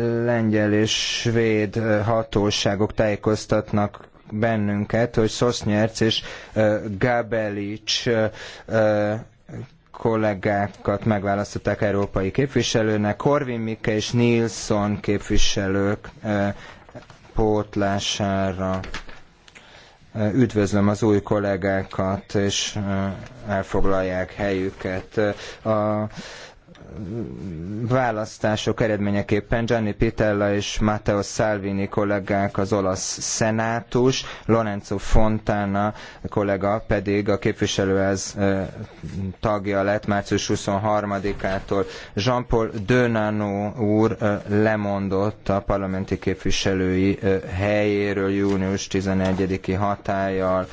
lengyel és svéd hatóságok tájékoztatnak bennünket, hogy Szosznyerc és Gabelics kollégákat megválasztották európai képviselőnek, Korvin Mikke és Nilsson képviselők pótlására. Üdvözlöm az új kollégákat, és elfoglalják helyüket. A választások eredményeképpen Gianni Pitella és Matteo Salvini kollégák az olasz szenátus, Lorenzo Fontana kollega pedig a képviselőház tagja lett március 23-ától. Jean-Paul Dönano úr lemondott a parlamenti képviselői helyéről június 11-i hatállyal.